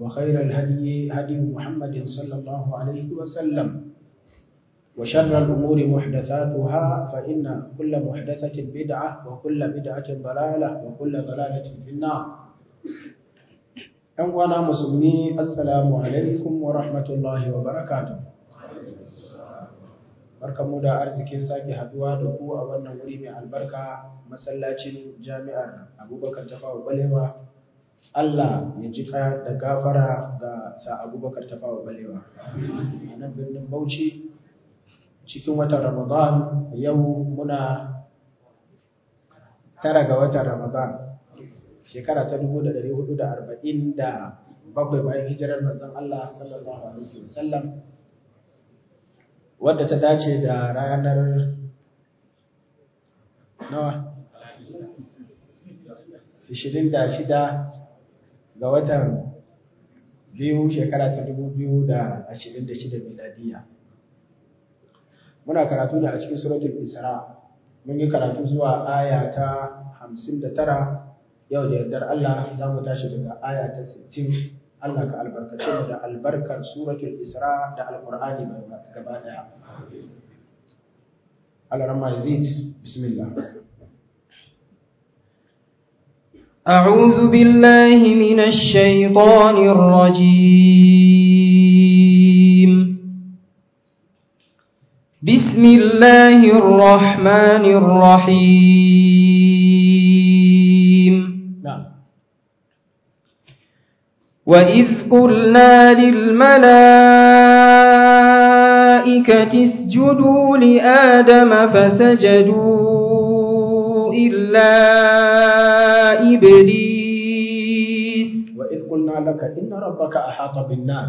وخير الهدي هدي محمد صلى الله عليه وسلم وشر الأمور محدثاتها فإن كل محدثة بدعة وكل بدعة ضلالة وكل ضلالة في النار أولا مسلمي السلام عليكم ورحمة الله وبركاته barkamu da arzikin sake haduwa da ku a wannan wuri mai albarka masallacin jami'ar abubakar tafawa balewa Allah ya ji da gafara ga sa abubakar tafawa balewa a nan birnin bauchi cikin watan ramadan yau muna tara ga watan ramadan shekara ta bakwai bayan hijirar manzon Allah sallallahu alaihi wasallam wadda ta dace da ranar nawa 26 ga watan biyu shekara ta dubu biyu da ashirin da shida miladiya muna karatu ne a cikin suratul isra mun yi karatu zuwa aya ta hamsin da tara yau da yardar Allah za mu tashi daga aya ta sittin Allah ka albarkace mu da albarkar suratul isra da alqur'ani gaba daya Allah rahma bismillah أعوذ بالله من الشيطان الرجيم بسم الله الرحمن الرحيم نعم. وإذ قلنا للملائكة اسجدوا لآدم فسجدوا إلا إبليس وإذ قلنا لك إن ربك أحاط بالناس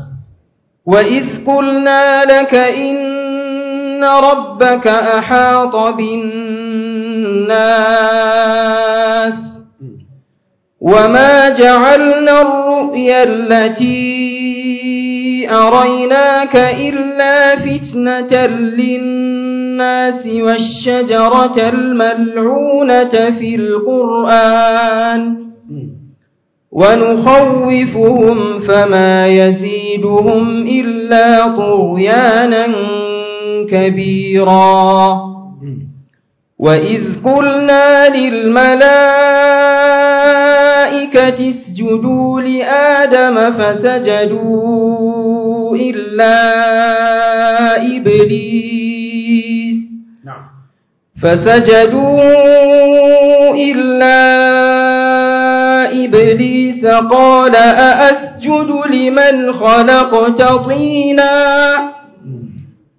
وإذ قلنا لك إن ربك أحاط بالناس وما جعلنا الرؤيا التي أريناك إلا فتنة للناس الناس والشجرة الملعونة في القرآن ونخوفهم فما يزيدهم إلا طغيانا كبيرا وإذ قلنا للملائكة اسجدوا لآدم فسجدوا إلا إبليس فسجدوا إلا إبليس قال أأسجد لمن خلقت طينا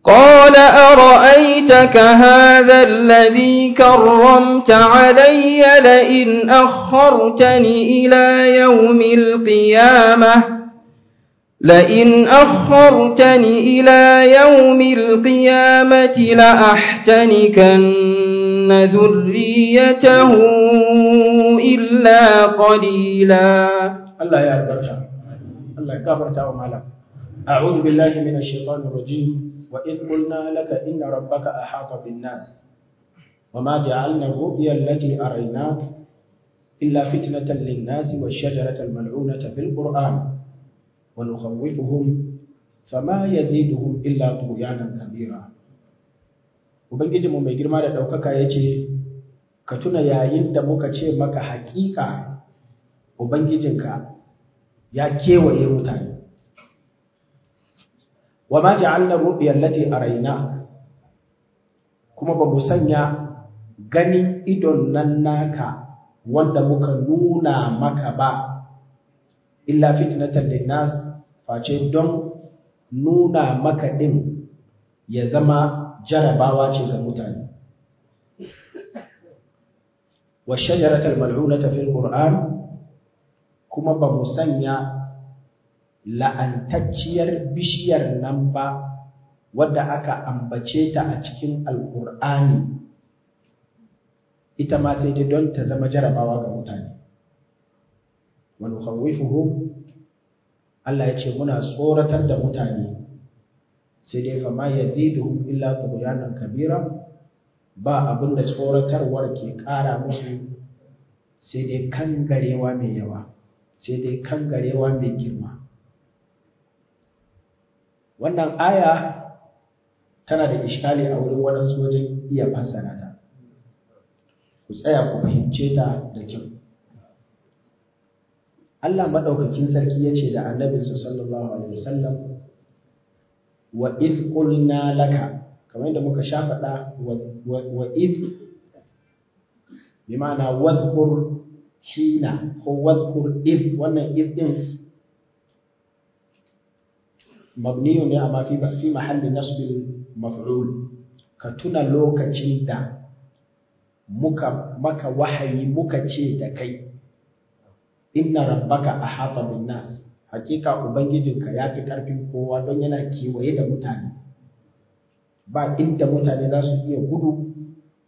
قال أرأيتك هذا الذي كرمت علي لئن أخرتني إلى يوم القيامة لئن أخرتني إلى يوم القيامة لأحتنكن ذريته إلا قليلا الله يا البركة الله كبر تعالى أعوذ بالله من الشيطان الرجيم وإذ قلنا لك إن ربك أحاط بالناس وما جعلنا الرؤيا التي أريناك إلا فتنة للناس والشجرة الملعونة في القرآن wa nukhawifuhum fama yaziduhum illa tughyanan kabira ubangiji mu mai girma da daukaka yace ka tuna yayin da muka ce maka haƙiƙa ubangijinka ya kewaye mutane wa ma ja'alna ru'ya a raina. kuma ba mu sanya ganin idon naka wanda muka nuna maka ba illa fitnatan linnas face don nuna maka ɗin ya zama jarabawa ce ga mutane. Wa shajaratar mal'unata fil Qur'an kuma ba mu sanya la'antacciyar bishiyar nan ba wadda aka ambace ta a cikin alkur'ani ita ma sai dai don ta zama jarabawa ga mutane wani khawifuhum Allah ya ce muna tsoratar da mutane sai dai fa ma yaziduhum illa tughyanan kabira ba abin da tsoratarwar ke ƙara musu sai dai kangarewa mai yawa sai dai kangarewa mai girma wannan aya tana da iskali a wurin waɗansu wajen iya fassara ta ku tsaya ku fahimce ta da kyau Allah madaukakin sarki yace da annabinsa sallallahu alaihi wasallam wa iz qulna laka kamar yadda muka sha faɗa wa iz bi wazkur hina ko wazkur iz wannan iz din mabniyu ne amma fi fi mahalli nasbin maf'ul ka tuna lokacin da muka maka wahayi muka ce da kai inna rabbaka ahata bin nas hakika ubangijinka ya fi karfin kowa don yana kewaye da mutane ba inda mutane za su iya gudu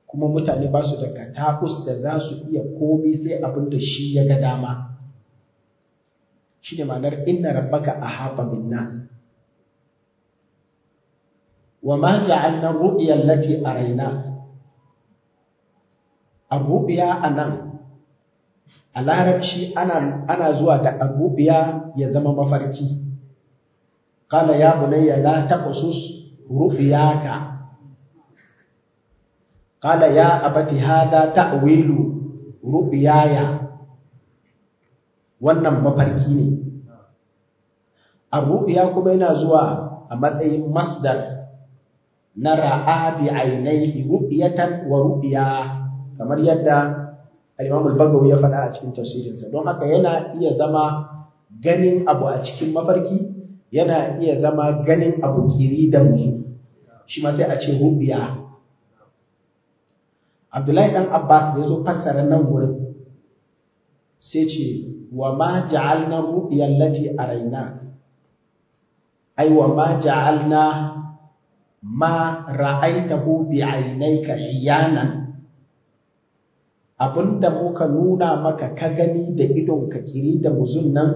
kuma mutane ba su da katakus da za su iya komi sai abin da shi ya ga dama shi ne ma'anar inna rabbaka ahata bin nas Wa ja'alna ru'ya allati التي أريناك الرؤيا anan a larabci ana ana zuwa da abubuwa ya zama mafarki Kala ya bunayya la taqsus rufiyaka Kala ya abati hada ta'wilu Rufiyaya. wannan mafarki ne arru'ya kuma yana zuwa a matsayin masdar na ra'a bi ainihi ru'yatan wa ru'ya kamar yadda al-Imam al-Bagawi ya faɗa a cikin tafsirinsa don haka yana iya zama ganin abu a cikin mafarki yana iya zama ganin abu kiri da musu shi ma sai a ce rubiya Abdullahi dan Abbas da zo fassara nan wurin sai ce wa ma ja'alna rubiya allati arayna ai wa ma ja'alna ma ra'aytahu bi iyanan abinda muka nuna maka ka gani da idon ka kiri da muzun nan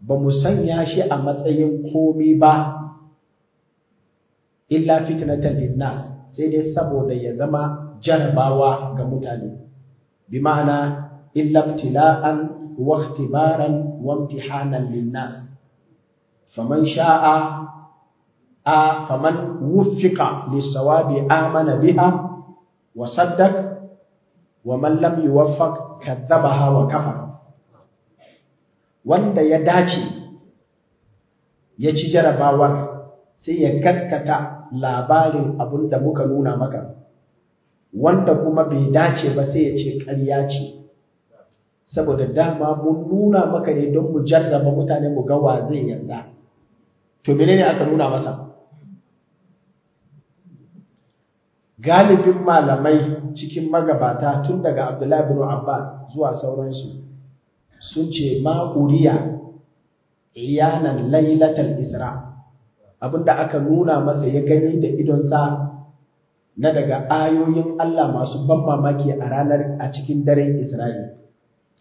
ba mu sanya shi a matsayin komi ba illa fitnatan linnas sai dai saboda ya zama jarabawa ga mutane bi ma'ana illa ibtila'an wa ikhtibaran wa imtihanan linnas faman sha'a a faman wuffiqa lis-sawabi amana biha wa saddaq wa man lam yuwaffaq kadzabaha wa kafara wanda ya dace ya ci jarabawar sai ya gaskata labarin abin da muka nuna maka wanda kuma bai dace ba sai ya ce ƙarya ce saboda dama mun nuna maka ne don mu jarraba mutane mu ga wa zai yarda to menene aka nuna masa galibin malamai cikin magabata tun daga Abdullahi bin Abbas zuwa sauransu sun ce ma'uriya riyanan lailatal isra abinda aka nuna masa ya gani da idon sa na daga ayoyin Allah masu ban mamaki a ranar a cikin daren Isra'il,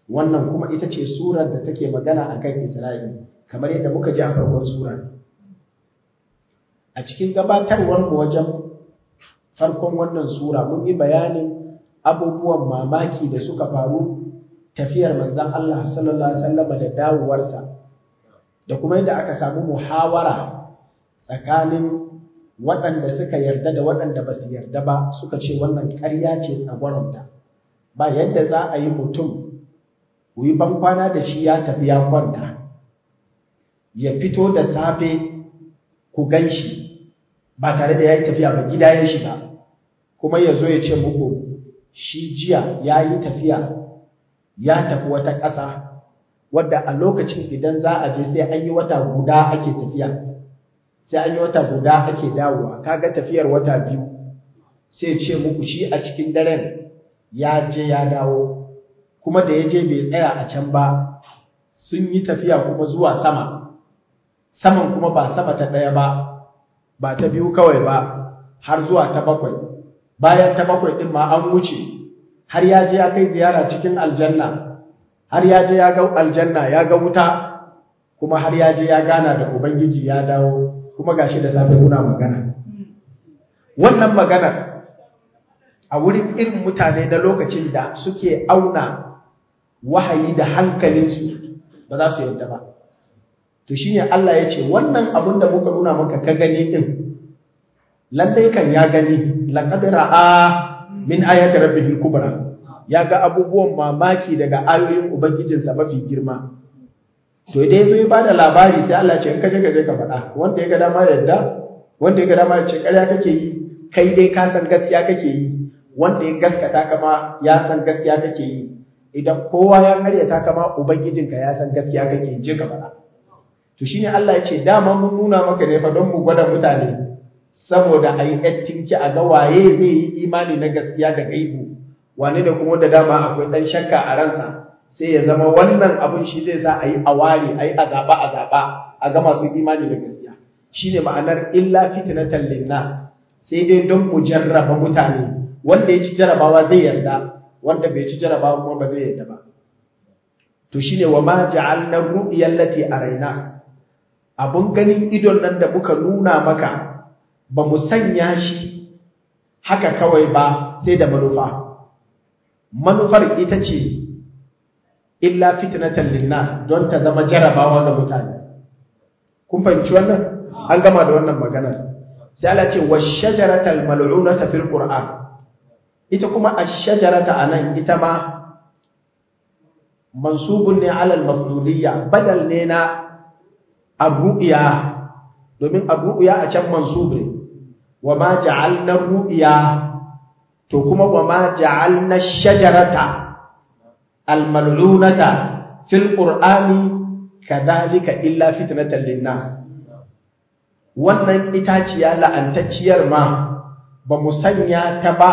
wannan kuma ita ce surar da take magana a kan Isra'il, kamar yadda muka ji a farkon surar a cikin gabatarwar wajen farkon wannan sura mun yi bayanin abubuwan mamaki da suka faru tafiyar manzan Allah sallallahu alaihi da dawowarsa da kuma yadda aka samu muhawara tsakanin waɗanda suka yarda da waɗanda ba su yarda ba suka ce wannan ƙarya ce tsagwaronta ba yadda za a yi mutum ku yi bankwana da shi ya tafi ya kwanta ya fito da safe ku gan shi ba tare da ya yi tafiya ba gida ya shiga kuma ya zo ya ce muku shi jiya ya yi tafiya ya tafi wata ƙasa wadda a lokacin idan za a je sai an yi wata guda ake tafiya sai an yi wata guda ake dawowa kaga tafiyar wata biyu sai ce muku shi a cikin daren ya je ya dawo kuma da ya je bai tsaya a can ba sun yi tafiya kuma zuwa sama saman kuma ba sama ta ɗaya ba ba ta biyu kawai ba har zuwa ta bakwai bayan ta bakwai ɗin ma an wuce har ya je ya kai ziyara cikin aljanna har ya je ya ga aljanna ya ga wuta kuma har ya je ya gana da ubangiji ya dawo kuma gashi da safe muna magana wannan maganar a wurin irin mutane da lokacin da suke auna wahayi da hankalinsu ba za su yadda ba to shine Allah ya ce wannan abun da muka nuna maka ka gani din lallai kan ya gani laqad ra'a min ayati rabbihil kubra ya ga abubuwan mamaki daga ayoyin ubangijinsa mafi girma to idan yi ba bada labari sai Allah ce in kaje kaje ka faɗa wanda ya ga dama yadda wanda ya ga dama ya ce ƙarya kake yi kai dai ka san gaskiya kake yi wanda ya gaskata kama ya san gaskiya kake yi idan kowa ya karyata kama ubangijinka ya san gaskiya kake je ka faɗa to shine Allah ya ce dama mun nuna maka ne fa don mu gwada mutane saboda a yi yattinki a ga waye zai yi imani na gaskiya da gaibu wani da kuma da dama akwai ɗan shakka a ransa sai ya zama wannan abun shi zai sa a yi a ware a yi a zaɓa a zaɓa a ga masu imani da gaskiya shi ne ma'anar illa fitinatan linnas sai dai don mu jarraba mutane wanda ya ci jarrabawa zai yarda wanda bai ci jarrabawa kuma ba zai yarda ba to shine wa ma ja'alna ru'yallati arainak abun ganin idon nan da muka nuna maka ba mu sanya shi haka kawai ba sai da manufa manufar ita ce illa fitnatan linnas don ta zama jarabawa ga mutane kun fahimci wannan an gama da wannan maganar sai Allah ce washajaratal mal'unata fil qur'an ita kuma ash-shajarata anan ita ma mansubun ne ala al-mafduliyya badal ne na ar domin ar a can mansub ne wa ma ja'alna ru'ya to kuma wa ma ja'alna shajarata almal'unata fil qur'ani kadhalika illa fitnatan linna wannan itaciya la'antacciyar ma ba mu sanya ta ba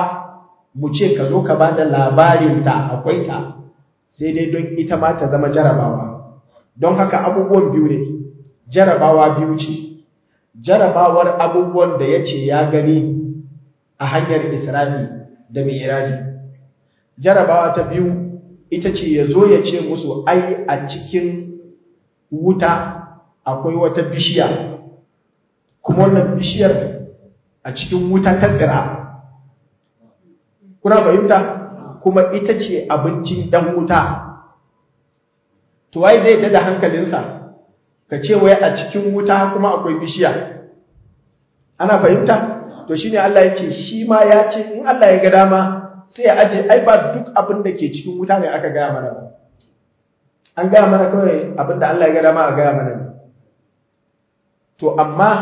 mu ce ka zo ka ba labarin ta akwai ta sai dai don ita ma ta zama jarabawa don haka abubuwan biyu ne jarabawa biyu ce jarabawar abubuwan da ya ce ya gani a hanyar isra'i da mai jarabawa ta biyu ita ce ya zo ya ce musu ai a cikin wuta akwai wata bishiya kuma wannan bishiyar a cikin wuta ta dira kuna fahimta kuma ita ce abincin ɗan wuta to wai zai da hankalinsa ka ce wai a cikin wuta kuma akwai bishiya ana fahimta to shine Allah ya ce shi ma ya ce in Allah ya ga dama sai ya aje ai ba duk abin da ke cikin wuta ne aka gaya mana ba an gaya mana kawai abin da Allah ya ga dama a gaya mana to amma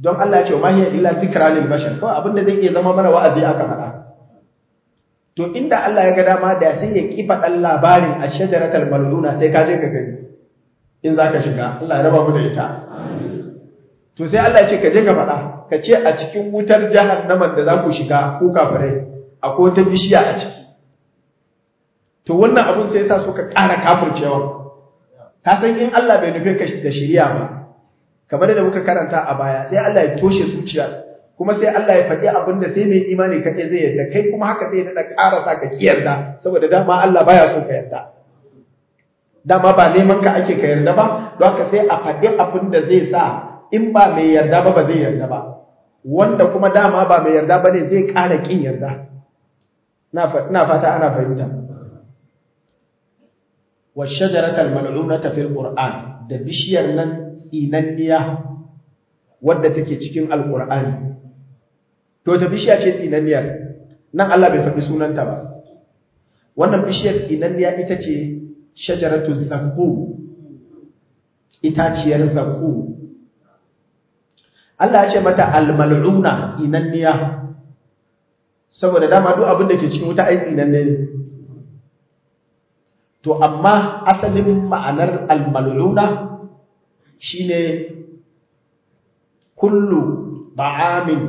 don Allah ya ce ma hiya illa zikra lil bashar kawai abin da zai iya zama mana wa'azi aka faɗa to inda Allah ya ga dama da sai ya kifa dan labarin a shajaratul maluluna sai ka je ka gani in za ka shiga Allah ya raba mu da ita to sai Allah ya ce ka je ka faɗa ka ce a cikin wutar jahannaman da za ku shiga ko kafirai akwai wata bishiya a ciki to wannan abun sai yasa suka ƙara kafircewa ka san in Allah bai nufe ka da shari'a ba kamar da muka karanta a baya sai Allah ya toshe zuciya kuma sai Allah ya faɗi abin da sai mai imani kaɗai zai yarda kai kuma haka sai ya daɗa ƙara sa ka kiyarda saboda dama Allah baya so ka yarda dama ba neman ka ake ka yarda ba don haka sai a faɗi abin da zai sa in ba mai yarda ba ba zai yarda ba wanda kuma dama ba mai yarda ba ne zai ƙara ƙin yarda na fata ana fahimta wa shajaratal mal'unata fil qur'an da bishiyar nan tsinanniya wadda take cikin alqur'ani to ta bishiya ce tsinanniyar nan Allah bai faɗi sunanta ba wannan bishiyar tsinanniya ita ce shajaratu zakku itaciyar zakku Allah ya ce mata almal'una inanniya saboda dama duk abin da ke cikin wuta aiki inanne ne to amma asalin ma'anar almal'una shine kullu ba'amin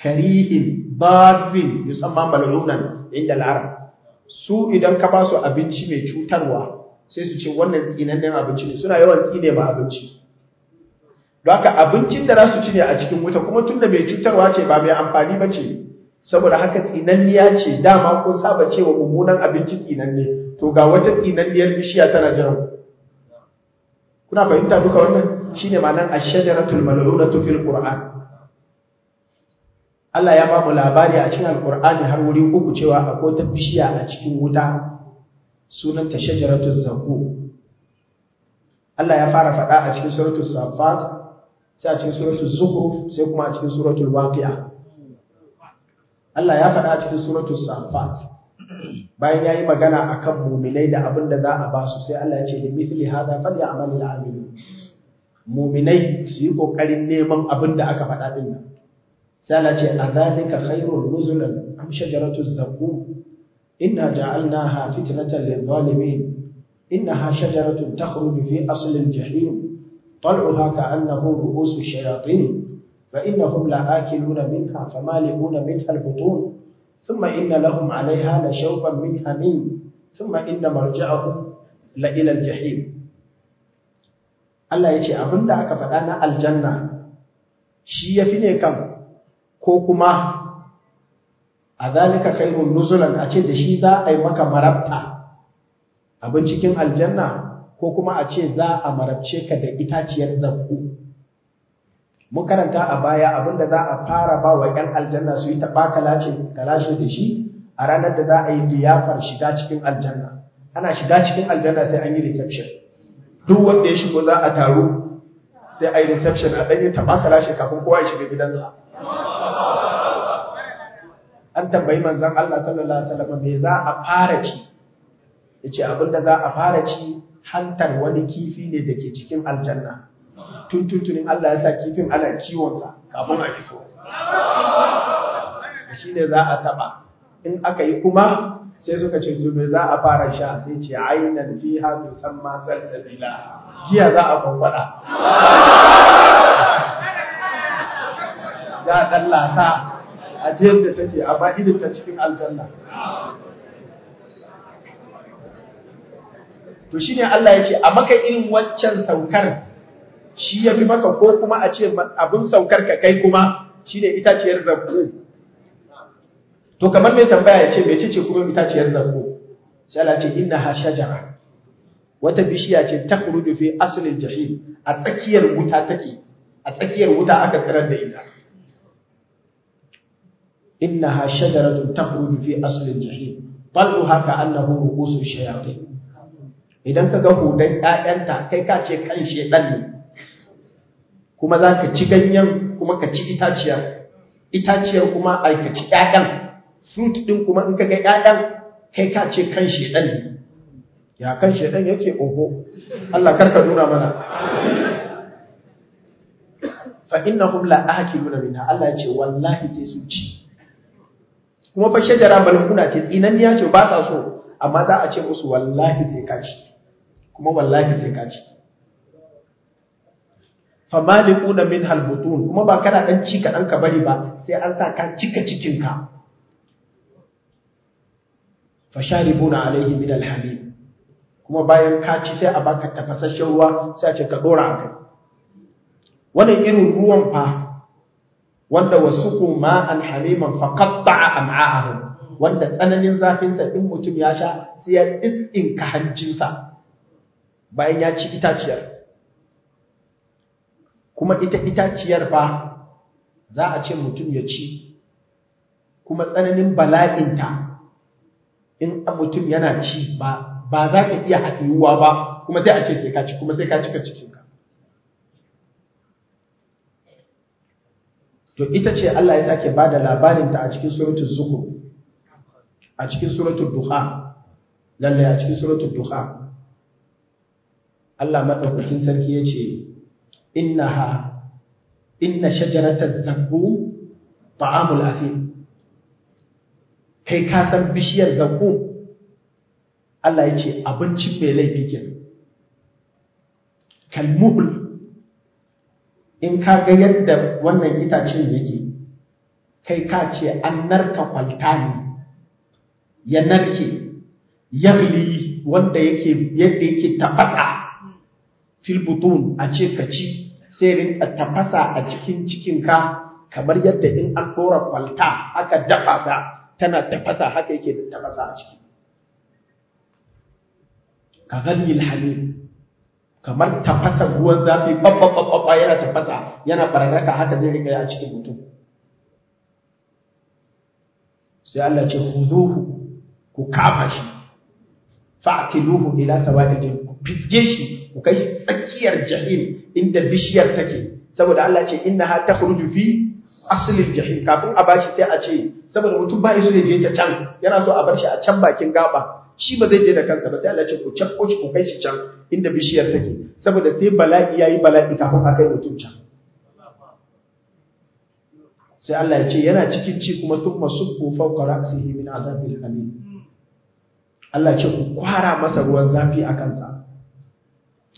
karihin barfin yusamma mal'unan inda al'arab su idan ka ba su abinci mai cutarwa sai su ce wannan tsinannen abinci ne suna yawan tsine ma abinci don abincin da za su ci ne a cikin wuta kuma tun da mai cutarwa ce ba mai amfani ba ce saboda haka tsinanniya ce dama ko saba cewa mummunan abinci tsinanne to ga wata tsinanniyar bishiya tana jiran kuna fahimta duka wannan shine ma'anar ash-shajaratul mal'unatu fil qur'an Allah ya ba mu labari a cikin al har wuri uku cewa akwai ta bishiya a cikin wuta sunanta shajaratu zaqqum Allah ya fara faɗa a cikin suratul safat sai a cikin suratul zukhruf sai kuma a cikin suratul waqi'a Allah ya faɗa a cikin suratul safat bayan yayi magana akan mu'minai da abin da za a ba su sai Allah ya ce li mithli hadha falyamalil amilun mu'minai su yi kokarin neman abin da aka faɗa din nan sai Allah ce a zalika khairul nuzulan am shajaratuz zaqum إنا جعلناها فتنة للظالمين إنها شجرة تخرج في أصل الجحيم طلعها كأنه رؤوس الشياطين فإنهم لآكلون منها فمالئون منها البطون ثم إن لهم عليها لشوبا من حميم ثم إن مرجعهم لإلى الجحيم Allah ya ce abin da aka faɗa na aljanna shi ya fi ne kan ko kuma a zalika khairun nuzulan a ce da shi za a yi maka marabta abin cikin aljanna ko kuma a ce za a marabce ka da itaciyar zakku mun karanta a baya abinda za a fara ba wa ‘yan aljanna su yi taɓa kalashe da shi a ranar da za a yi liyafar shiga cikin aljanna ana shiga cikin aljanna sai an yi reception duk wanda ya shigo za a taru sai a yi reception a ɗanyi taɓa kalashe kafin kowa ya shiga gidansa an tambayi manzon Allah sallallahu alaihi wasallam me za a fara ci yace abinda za a fara ci hantar wani kifi ne dake cikin aljanna tuntunin Allah ya sa kifin ana kiwon sa kafin a iso shine za a taba in aka yi kuma sai suka ce me za a fara sha sai ce aynan fiha musamman zalzalila giya za a kwakwada za a ɗan a ta yadda take a ba irin ta cikin aljanna to shine Allah ya ce a maka in waccan saukar shi ya fi maka ko kuma a ce abin saukar ka kai kuma shine itaciyar zabbu to kamar mai tambaya ya ce mai ce kuma itaciyar zabbu sai Allah ce sha shajara wata bishiya ce ta khuruju fi asalin jahil a tsakiyar wuta take a tsakiyar wuta aka karar da ita إنها شجرة تخرج في أصل الجحيم طلعها كأنه رؤوس الشياطين idan ka ga hudan ‘ya'yanta kai ka ce kan shaiɗan ne kuma za ka ci ganyen kuma ka ci itaciyar itaciyar kuma ai ka ci ‘ya'yan fruit ɗin kuma in ka ga ‘ya'yan kai ka ce kan shaiɗan ne ya kan shaiɗan yake oho Allah kar ka nuna mana fa innahum la akiluna minha Allah ya ce wallahi sai su ci kuma fa shajara malhuna ce ya ce ba sa so amma za a ce musu wallahi sai ka kuma wallahi sai ka fa malikuna min halbutun kuma ba kana dan ci kaɗan ka bari ba sai an sa ka cika cikinka fa sharibuna alaihi min alhamim kuma bayan ka ci sai a baka tafasasshen ruwa sai a ce ka dora akai wannan irin ruwan fa wanda wasu kuma an hamiman a am'a'ahum wanda tsananin zafinsa sa mutum ya sha sai ya tsinka hancinsa bayan ya ci itaciyar kuma ita itaciyar fa za a ce mutum ya ci kuma tsananin bala'inta in mutum yana ci ba ba za ka iya haɗiwuwa ba kuma sai a ce sai ka ci kuma sai ka cika cikin to ita ce Allah ya sake bada labarin ta a cikin suratul zukhruf a cikin suratul duha lalle a cikin suratul duha Allah madaukakin sarki yace innaha inna shajarata zaqqum ta'amul afim kai ka san bishiyar zaqqum Allah yace abincin mai laifi kenan kalmuhul in ka ga yadda wannan itacen yake kai ka ce an narka kwalta ne ya narke yagli wanda yake yadda yake tabaka filbutun a ce ka ci sai rinka tafasa a cikin cikinka kamar yadda in an dora kwalta aka dafa ta tana tafasa haka yake da tafasa a ciki ka ghalil hamim kamar tafasa ruwan zafi babba yana tafasa yana bararraka haka zai riga a cikin mutum sai Allah ce huzuhu ku kafa shi fa'tiluhu ila sawa'il jahim ku fitge shi ku kai tsakiyar jahim inda bishiyar take saboda Allah ce innaha takhruju fi aslil jahim kafin a bashi sai a ce saboda mutum ba shi ne je ta can yana so a bar shi a can bakin gaba shi ba zai je da kansa ba sai Allah ce ku cakko shi ku kai shi can inda bishiyar take saboda sai bala'i yayi bala'i kafin aka yi mutum sai Allah ya ce yana cikin ci kuma thumma subbu fawqa ra'sihi min azabil alim Allah ce ku kwara masa ruwan zafi a kansa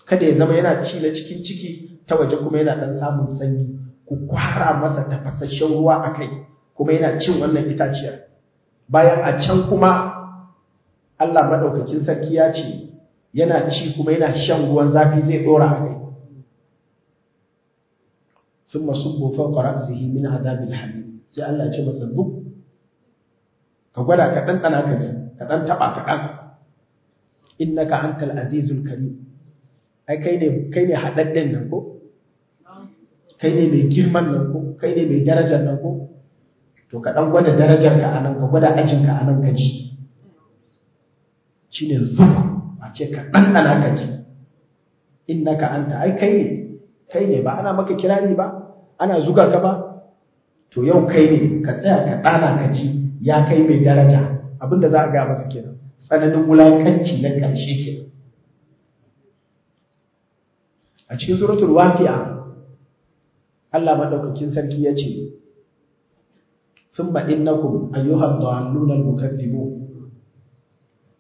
kada ya zama yana ci na cikin ciki ta waje kuma yana dan samun sanyi ku kwara masa tafasasshen ruwa a kai kuma yana cin wannan itaciyar bayan a can kuma Allah maɗaukakin sarki ya ce yana ci kuma yana shan ruwan zafi zai dora a kai thumma subbu fawqa yi min adhabil hamim sai Allah ce masa zub ka gwada ka dan ka ji ka dan taba ka dan innaka antal azizul kari. ai kai ne kai ne nan ko kai ne mai girman nan ko kai ne mai darajar nan ko to ka ɗan gwada darajar ka a nan ka gwada ajin ka a nan ka ji Shi ne zub ce ka ɗanɗana ka ji ka anta ai kai ne kai ne ba ana maka kirari ba ana zuga ka ba to yau kai ne ka tsaya ka ɗana ka ya kai mai daraja Abin da za a gaya masa kenan tsananin wulakanci na ƙarshe kenan a cikin suratul a. Allah maɗaukakin sarki ya ce thumma innakum ayyuhad dallun al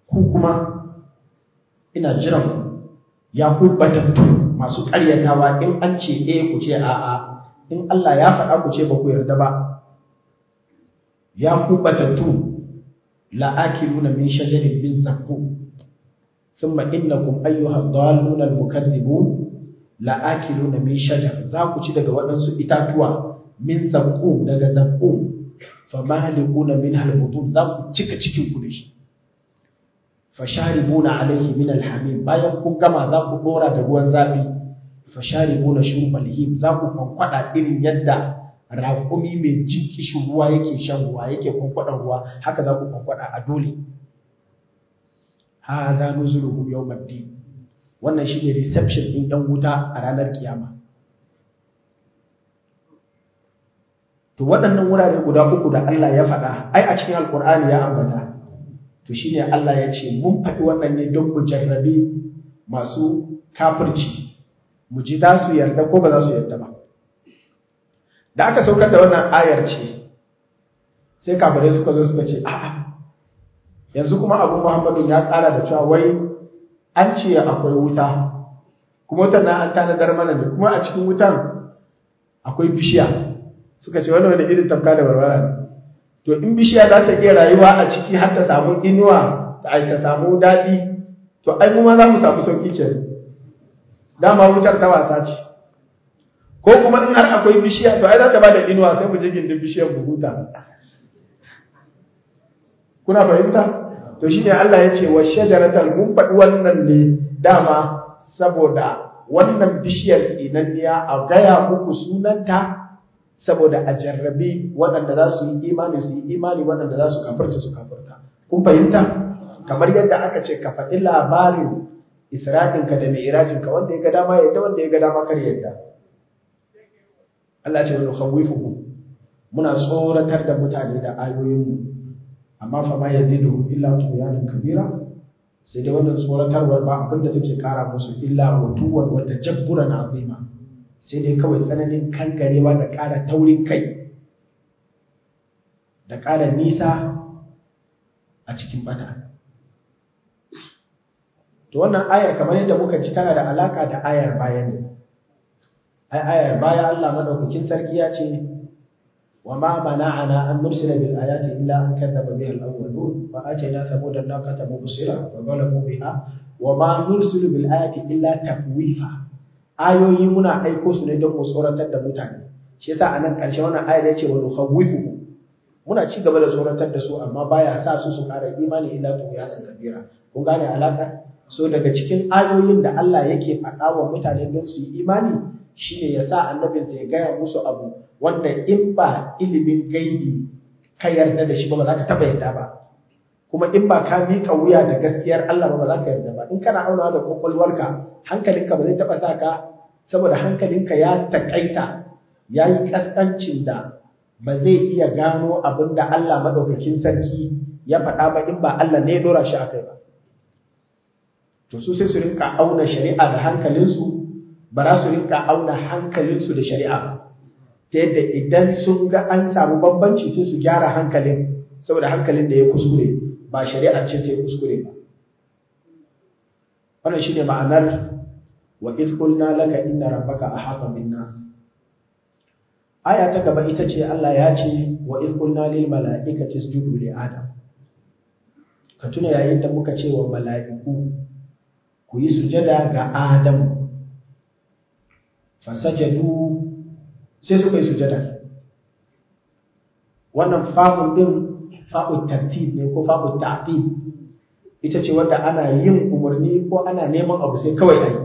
ku kuma ina jiran ku ya ku batattu masu ƙaryatawa in an ce e ku ce a'a in Allah ya faɗa ku ce ba ku yarda ba ya ku batattu la'akiluna min shajarin min zakkum thumma innakum ayyuha ad-dallun al-mukazzibun la'akiluna min shajar za ku ci daga waɗansu itatuwa min zakkum daga zakkum famaliquna min halbutun za ku cika cikin ku da shi fasharibuna alaihi min alhamim bayan kun gama za ku dora da ruwan zafi fasharibuna shurbal him za ku kwankwada irin yadda rakumi mai jin kishin ruwa yake shan ruwa yake kwankwada ruwa haka za ku kwankwada a dole hadha nuzuluhu din wannan shine reception din yan wuta a ranar kiyama to waɗannan wurare guda uku da Allah ya faɗa ai a cikin alkur'ani ya ambata to shine Allah ya ce mun faɗi wannan ne don mu jarrabe masu kafirci mu ji za su yarda ko ba za su yarda ba da aka saukar da wannan ayar ce sai kafirai suka zo suka ce a'a yanzu kuma abu Muhammadu ya ƙara da cewa wai an ce akwai wuta kuma wutan na an tanadar mana ne kuma a cikin wutan akwai bishiya suka ce wani wani irin tafka da barbara ne to in bishiya za ta iya rayuwa a ciki har ta samu inuwa ta ta samu daɗi to ai mu za mu samu sauƙi ke dama wutar ta wasa ce ko kuma in har akwai bishiya to ai za ta da inuwa sai mu jigin gindin bishiyar mu huta kuna fahimta to shine Allah ya ce wa shajaratal mun faɗi wannan ne dama saboda wannan bishiyar tsinanniya a gaya muku sunanta saboda a jarrabi waɗanda za su yi imani su yi imani waɗanda za su kafarta su kafarta kun fahimta kamar yadda aka ce ka faɗi labarin isra'inka da mai irajinka wanda ya ga dama yadda wanda ya ga dama kar yadda Allah ce wani khawifuhu muna tsoratar da mutane da ayoyinmu amma fa ma yazidu illa tuyanan kabira sai dai wannan tsoratarwar ba abinda take kara musu illa wutuwan wata jabburan azima sai dai kawai tsananin kangarewa da ƙara taurin kai da ƙara nisa a cikin bata to wannan ayar kamar yadda muka ci tana da alaka da ayar baya ne ai ayar baya Allah madaukakin sarki ya ce wa ma mana'ana an nursila bil ayati illa an kadzaba biha al awwalun fa atayna thamuda naqata mubsira wa zalamu biha wa ma nursilu bil ayati illa takwifa ayoyi muna aiko su ne don mu tsoratar da mutane shi yasa a nan ƙarshe wannan ayar ya ce wa nukhawifuhum muna ci gaba da tsoratar da su amma baya sa su su ƙara imani illa san kabira kun gane alaka so daga cikin ayoyin da Allah yake faɗa wa mutane don su yi imani shine yasa sa sai ya gaya musu abu wanda in ba ilimin gaibi ka yarda da shi ba ba za ka taɓa yarda ba kuma in ba ka miƙa wuya da gaskiyar Allah ba ba za ka yarda ba in kana auna da kwakwalwarka hankalinka ba zai taɓa sa ka saboda hankalinka ya taƙaita ya yi ƙasƙancin da ba zai iya gano abinda Allah maɗaukakin sarki ya faɗa ba in ba Allah ne ya ɗora shi a kai ba to su sai su rinka auna shari'a da hankalinsu ba za su rinka auna hankalinsu da shari'a ba ta yadda idan sun ga an samu bambanci sai su gyara hankalin saboda hankalin da ya kusure. ba shari'a ce ta kuskure ba wannan shine ma'anar wa iz qulna laka inna rabbaka haka min nas aya ta gaba ita ce Allah ya ce wa iz qulna lil mala'ikati sujudu li adam ka tuna yayin da muka ce wa mala'iku ku yi sujada ga adam fasajadu sai suka yi sujada wannan famun din fa'u tartib ne ko fa'u ta'tib ita ce wanda ana yin umarni ko ana neman abu sai kawai ayi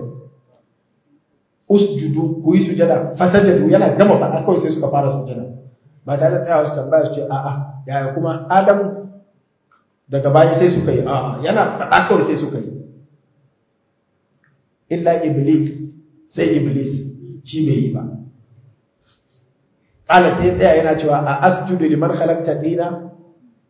usjudu ku yi sujada fasajadu yana gama ba kawai sai suka fara sujada ba tare da tsayawa su tambaya su ce a'a yaya kuma adam daga baya sai suka yi a'a yana faɗa kawai sai suka yi illa iblis sai iblis shi bai yi ba qala sai tsaya yana cewa a asjudu liman khalaqta dina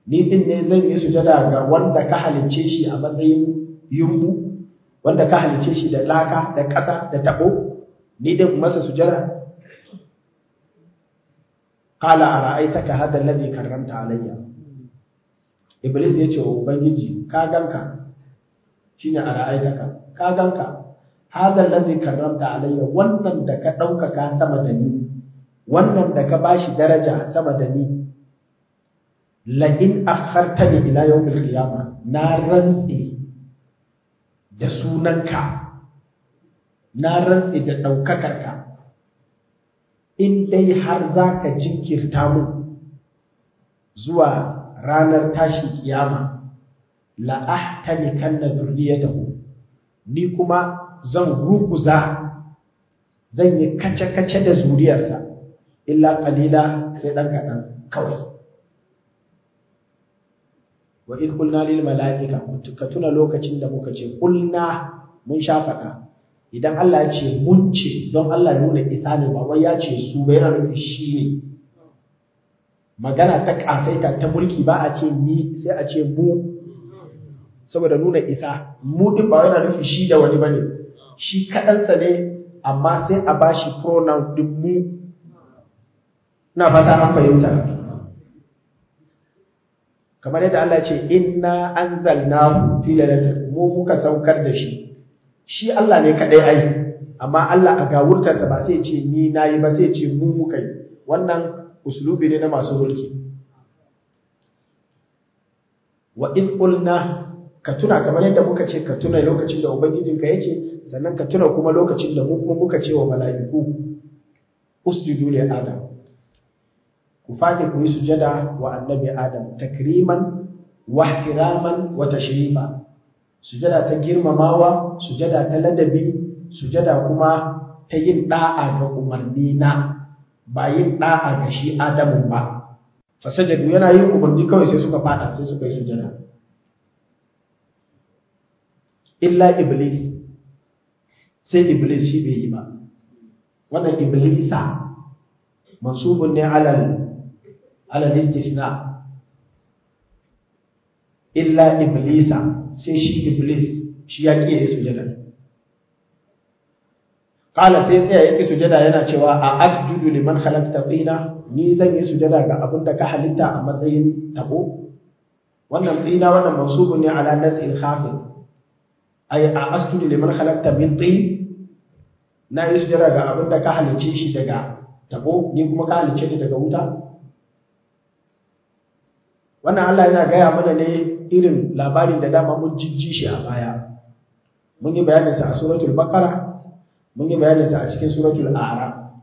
ni din ne zan yi sujada ga wanda ka halicce shi a matsayin yumbu wanda ka halicce shi da laka da ƙasa da tabo ni din masa sujada qala aitaka hada alladhi karramta alayya iblis ya ce wa ubangiji ka ganka shine aitaka ka ganka hada alladhi karramta alayya wannan da ka dauka ka sama da ni wannan da ka bashi daraja sama da ni la'in akhartani ila yawmil qiyama na rantse da sunanka na rantse da ɗaukakarka in dai har za ka jinkirta mu zuwa ranar tashin kiyama la'ahtanikan na zurriyatahu ni kuma zan ruguza zan yi kace-kace da zuriyarsa illa ƙalila sai ɗan kaɗan kawai wa idh qulna lil mala'ika ka tuna lokacin da muka ce kunna mun sha faɗa idan Allah ya ce mun ce don Allah ya nuna isa ne ba wai ya ce su bai ran shi ne magana ta kafaita ta mulki ba a ce ni sai a ce mu saboda nuna isa mu din ba yana nufin shi da wani bane shi kaɗansa ne amma sai a bashi pronoun din mu na fata an fahimta kamar yadda Allah ce inna anzalnahu fi lailatin mu muka saukar da shi shi Allah ne kadai ai amma Allah a gawurtarsa ba sai ce ni nayi ba sai ce mu muka yi wannan uslubi ne na masu mulki wa iz qulna ka tuna kamar yadda muka ce ka tuna lokacin da ubangijinka yake sannan ka tuna kuma lokacin da mu kuma muka ce wa mala'iku usjudu li adam ku fadi ku yi sujada wa annabi adam takriman wa ihtiraman wa tashrifa sujada ta girmamawa sujada ta ladabi sujada kuma ta yin da'a ga umarni na ba yin da'a ga shi adamu ba fasajadu yana yin umarni kawai sai suka fada sai suka yi sujada illa iblis sai iblis shi bai yi ba wannan iblisa mansubun ne alal alal istisna illa iblisa sai shi iblis shi ya kiyaye sujada Kala sai tsaya yake sujada yana cewa a asjudu liman khalaqta tina ni zan yi sujada ga abinda ka halitta a matsayin tabo wannan tina wannan mansubun ne ala nazil khafid ay a asjudu liman khalaqta min tin na yi sujada ga abinda ka halice shi daga tabo ni kuma ka halice shi daga wuta wannan Allah yana gaya mana ne irin labarin da dama mun jijji shi a baya mun yi bayaninsa a suratul baqara mun yi bayaninsa a cikin suratul ara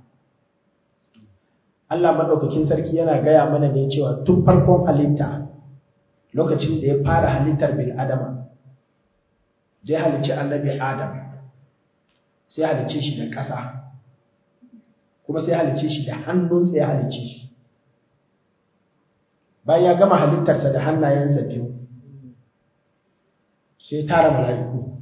Allah madaukakin sarki yana gaya mana ne cewa tun farkon halitta lokacin da ya fara halittar bil adama je halicci annabi adam sai halicci shi da ƙasa kuma sai halice shi da hannunsa ya halicci. shi bayan ya gama halittarsa da hannayensa biyu sai tara mala'iku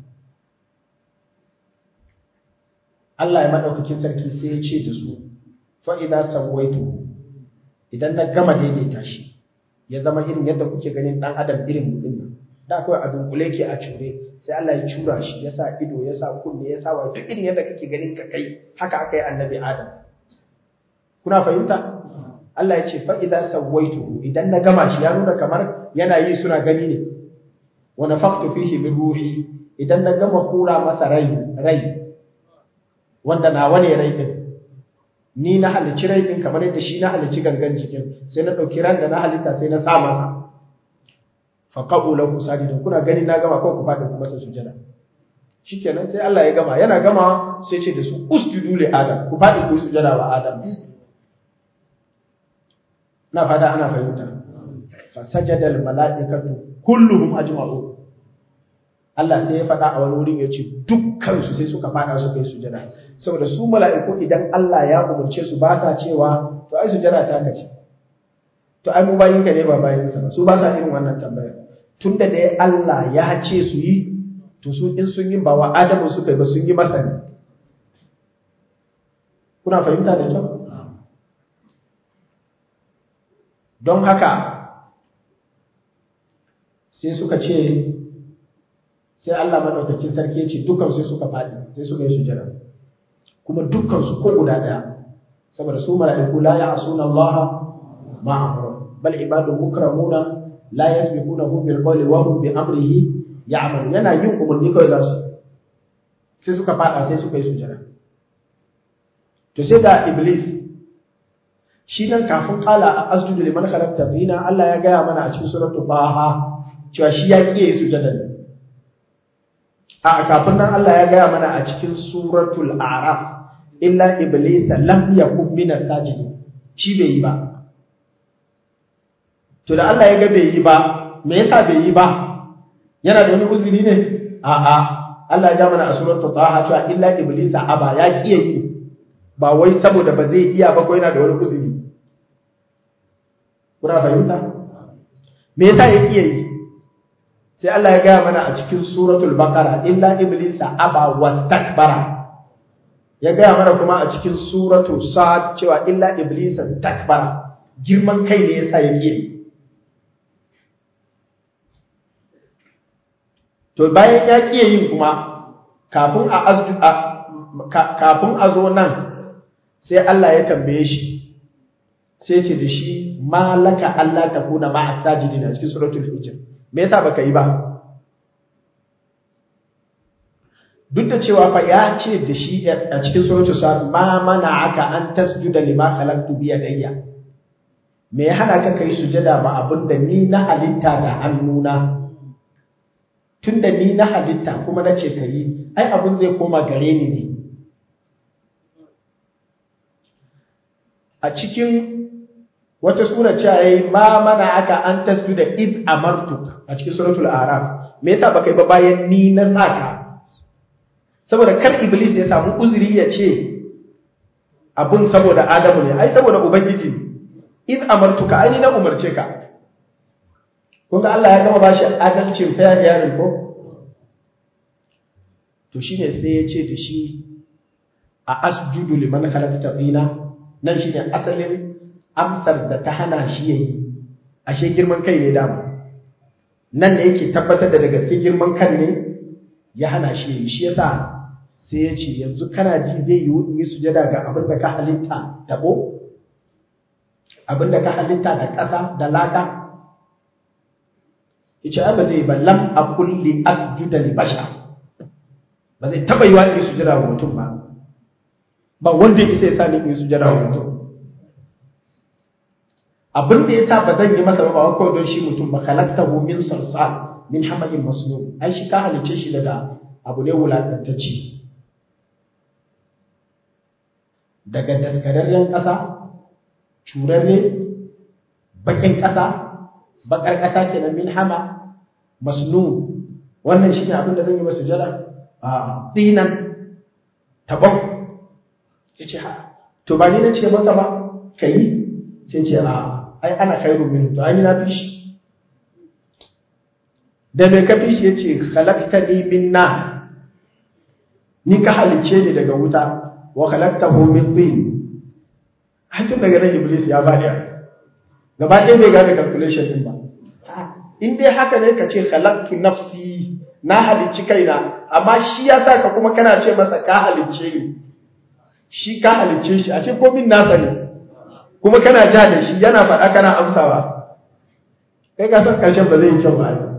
Allah ya maɗaukakin sarki sai ya ce da su fa'ida sauwaitu idan na gama daidaita shi ya zama irin yadda kuke ganin ɗan adam irin mutum nan da kawai a dunkule ke a cure sai Allah ya cura shi ya sa ido ya sa kunne ya sa wa duk irin yadda kake ganin ka kai haka aka yi annabi adam kuna fahimta Allah ya ce fa idza sawaituhu idan na gama shi ya nuna kamar yana yi suna gani ne wa nafakhtu fihi min ruhi idan na gama kura masa rai rai wanda na wani rai din ni na halici rai din kamar yadda shi na halici gangan jikin sai na dauki ran da na halitta sai na sa Fa fa qa'u lahu sajidun kuna gani na gama ko ku fadi ku masa sujada shikenan sai Allah ya gama yana gama sai ce da su usjudu dule adam ku fadi ku sujada wa adam na fada ana fahimta fasajadal mala'ikatu kulluhum ajma'u Allah sai ya faɗa a wani wurin ya ce dukkan su sai suka fada suka yi sujada saboda su mala'iku idan Allah ya umurce su ba sa cewa to ai sujada ta kace to ai mu bayin ka ne ba bayin sa su ba sa irin wannan tambaya tunda dai Allah ya ce su yi to su in sun yi ba wa Adamu suka yi ba sun yi masa ne kuna fahimta da kyau don haka sai suka ce sai Allah madaukakin sarki ce dukkan sai suka faɗi sai suka yi sujada kuma dukkan su ko guda daya saboda su mala'iku la ya'suna Allah ma amara bal ibadu mukramuna la hum bil qawli wa hum bi amrihi ya'malu yana yin umurni kawai za su sai suka faɗa sai suka yi sujada to sai ga iblis shi nan kafin a asjudu liman khalaqta tina Allah ya gaya mana a cikin suratul baha cewa shi ya kiyaye sujada ne a kafin nan Allah ya gaya mana a cikin suratul a'raf illa iblisa lam yakun min asajidi shi bai yi ba to da Allah ya ga bai yi ba me yasa bai yi ba yana da wani uzuri ne a'a Allah ya gaya mana a suratul baha, cewa illa iblisa aba ya kiyaye ba wai saboda ba zai iya ba ko yana da wani kuzuri kuna fahimta me yasa ya kiyaye yi sai Allah ya gaya mana a cikin suratul baqara illa iblisa aba wastakbara ya gaya mana kuma a cikin suratu sa'ad cewa illa iblisa takbara girman kai ne yasa ya kiyaye to bayan ya kiyaye yin kuma kafin a kafin a zo nan sai Allah ya tambaye shi sai ce da shi malaka Allah ta kuna ma'a na cikin suratul hijr me yasa baka yi ba duk da cewa fa ya ce da shi a cikin suratu sa ma mana aka an tasjuda lima khalaqtu bi yadayya me ya hana ka kai sujada ba abinda ni na halitta da hannuna tunda ni na halitta kuma na ce kai ai abun zai koma gare ni ne a cikin wata sura ce ma mana aka an da id amartuk a cikin suratul araf me yasa baka yi ba bayan ni na saka saboda kar iblis ya samu uzuri ya ce abun saboda adamu ne ai saboda ubangiji id Amartuk ai ni na umarce ka kun ga Allah ya gama bashi adalcin fair yarin ko to shine sai ya ce da shi a asjudu liman khalaqta tina nan shine asalin amsar da ta hana shi ya yi. ashe girman kai ne dama nan ne yake tabbatar da gaske girman kan ne ya hana shi ya yi, shi yasa sai ya ce yanzu kana ji zai yi in yi sujada ga abin da ka halitta tabo abin da ka halitta da ƙasa da laka ya ce ba zai ba a kulle asjuda li bashar ba zai taba wa in yi sujada ga mutum ba ba wanda ya isa ya sa ni in sujada wa mutum abin da sa ba zan yi masa ba ba kawai don shi mutum ba khalaqtahu min sarsa min hamadin masnun ai shi ka halice shi daga abu ne wulakantacce daga daskararren ƙasa curarre bakin ƙasa bakar ƙasa kenan min hama masnun wannan shine abin da zan yi masa jara a tsinan tabau ya ce ha to ba ni na ce maka ba ka yi sai ce a ai ana khairun min to ai na fi shi da me ka fi shi ya khalaqta ni min na ni ka halice ni daga wuta wa khalaqtahu min tin hatta daga nan iblis ya bani gaba ɗaya bai gane calculation din ba in dai haka ne ka ce khalaqtu nafsi na halicci kaina amma shi ya sa ka kuma kana ce masa ka halicce ni shi ka halicce shi ashe komin nasa ne kuma kana ja da shi yana faɗa kana amsawa kai ka san karshen ba zai yi kyau ba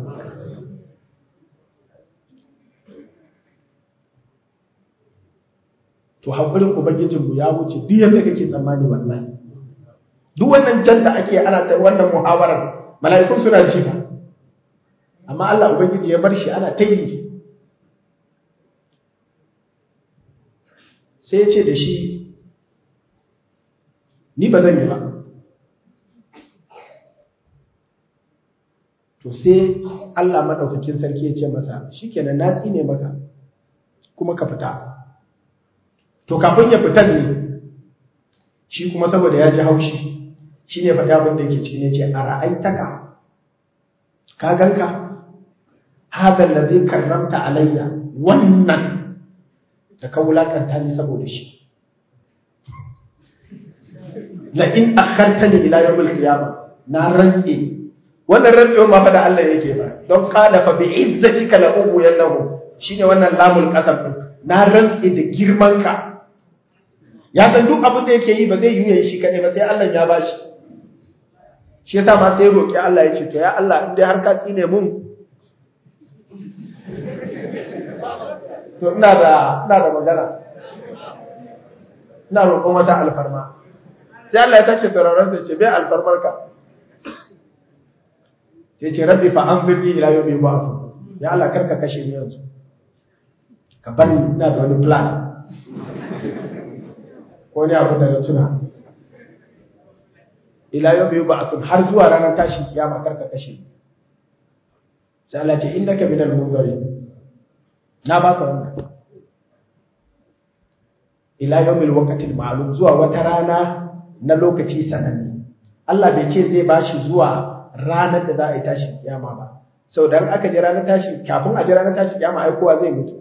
to haƙurin mu ya wuce duk yadda kake tsammani wallahi duk wannan can da ake ana ta wannan muhawarar mala'ikun suna ji ba amma Allah ubangiji ya bar shi ana ta yi sai ya ce da shi ni ba zan yi ba to sai Allah maɗaukakin sarki ya ce masa shikenan na tsine maka kuma ka fita to kafin ya fitar ne shi kuma saboda ya ji haushi shi ne faɗi abin da yake cikin ya ce a ra'aitaka ka ganka hadal ladhi karramta alayya wannan da ka wulakanta ni saboda shi la in akhartani ila yawmil qiyamah na rantsi wannan rantsi ba fa da Allah yake ba don kada fa bi izzatika la ughwiyannahum shine wannan lamul qasam na rantsi da girman ka ya san duk abin da yake yi ba zai yi yayin shi kadai ba sai Allah ya bashi shi yasa ma sai roki Allah ya ce to ya Allah in dai har ka tsine mun to ina da ina da magana ina roƙon wata alfarma sai Allah ya take sauraron sai ce bai ka sai ce rabbi fa anzirni ila yawmi ba'thu ya Allah karka kashe ni yanzu ka ni ina da wani plan ko ne abu da na tuna ila yawmi ba'thu har zuwa ranar tashi kiyama karka kashe ni sai Allah ce innaka minal munzirin na ba ka wannan ila yau mil wakatin ma'alum, zuwa wata rana na lokaci sananne Allah bai ce zai bashi zuwa ranar da za a yi tashin kiyama ba sau dan aka jira na tashi kafin a jira na tashi kiyama ai kowa zai mutu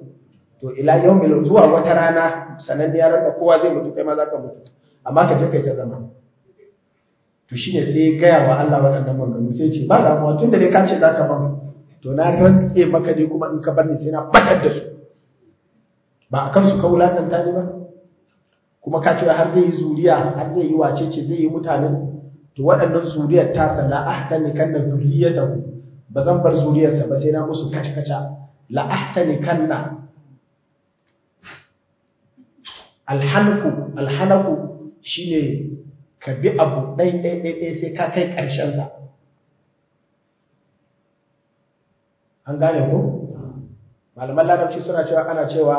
to ila yau mil zuwa wata rana sananne ya ranar kowa zai mutu kai ma za ka mutu amma ka je kai ta zama to shine sai gaya wa Allah waɗannan maganganu sai ce ba damuwa tun da dai ka ce za ka mu to na rantse maka ne kuma in ka bar ni sai na fadar da su ba a kansu ka wulakanta ne ba kuma ka cewa har zai yi zuriya har zai yi wacece zai yi mutanen to waɗannan zuriyar ta sa la ahtani kanna zuriyatahu ba zan bar zuriyarsa ba sai na musu kaca kaca la ahtani kanna alhanku alhalaku shine ka bi abu ɗai ɗai ɗai sai ka kai ƙarshen sa an gane ko malaman larabci suna cewa ana cewa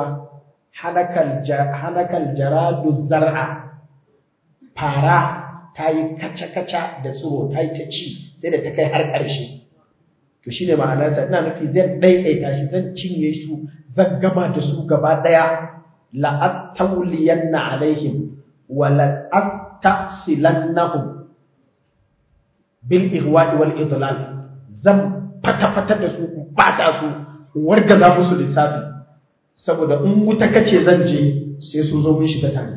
hanakal jaradu zar'a fara ta yi kaca-kaca da tsoro, ta yi ta ci sai da ta kai har ƙarshe to shine ma'anarsa ina nufi zan ɗaiɗaita shi zan cinye su zan gama da su gaba ɗaya la'astawliyanna alaihim wa la'astasilannahu bil ihwa'i wal idlal zan fata-fatar da su ku bata su warga za musu lissafi saboda in wuta kace zan je sai sun zo mun shiga tare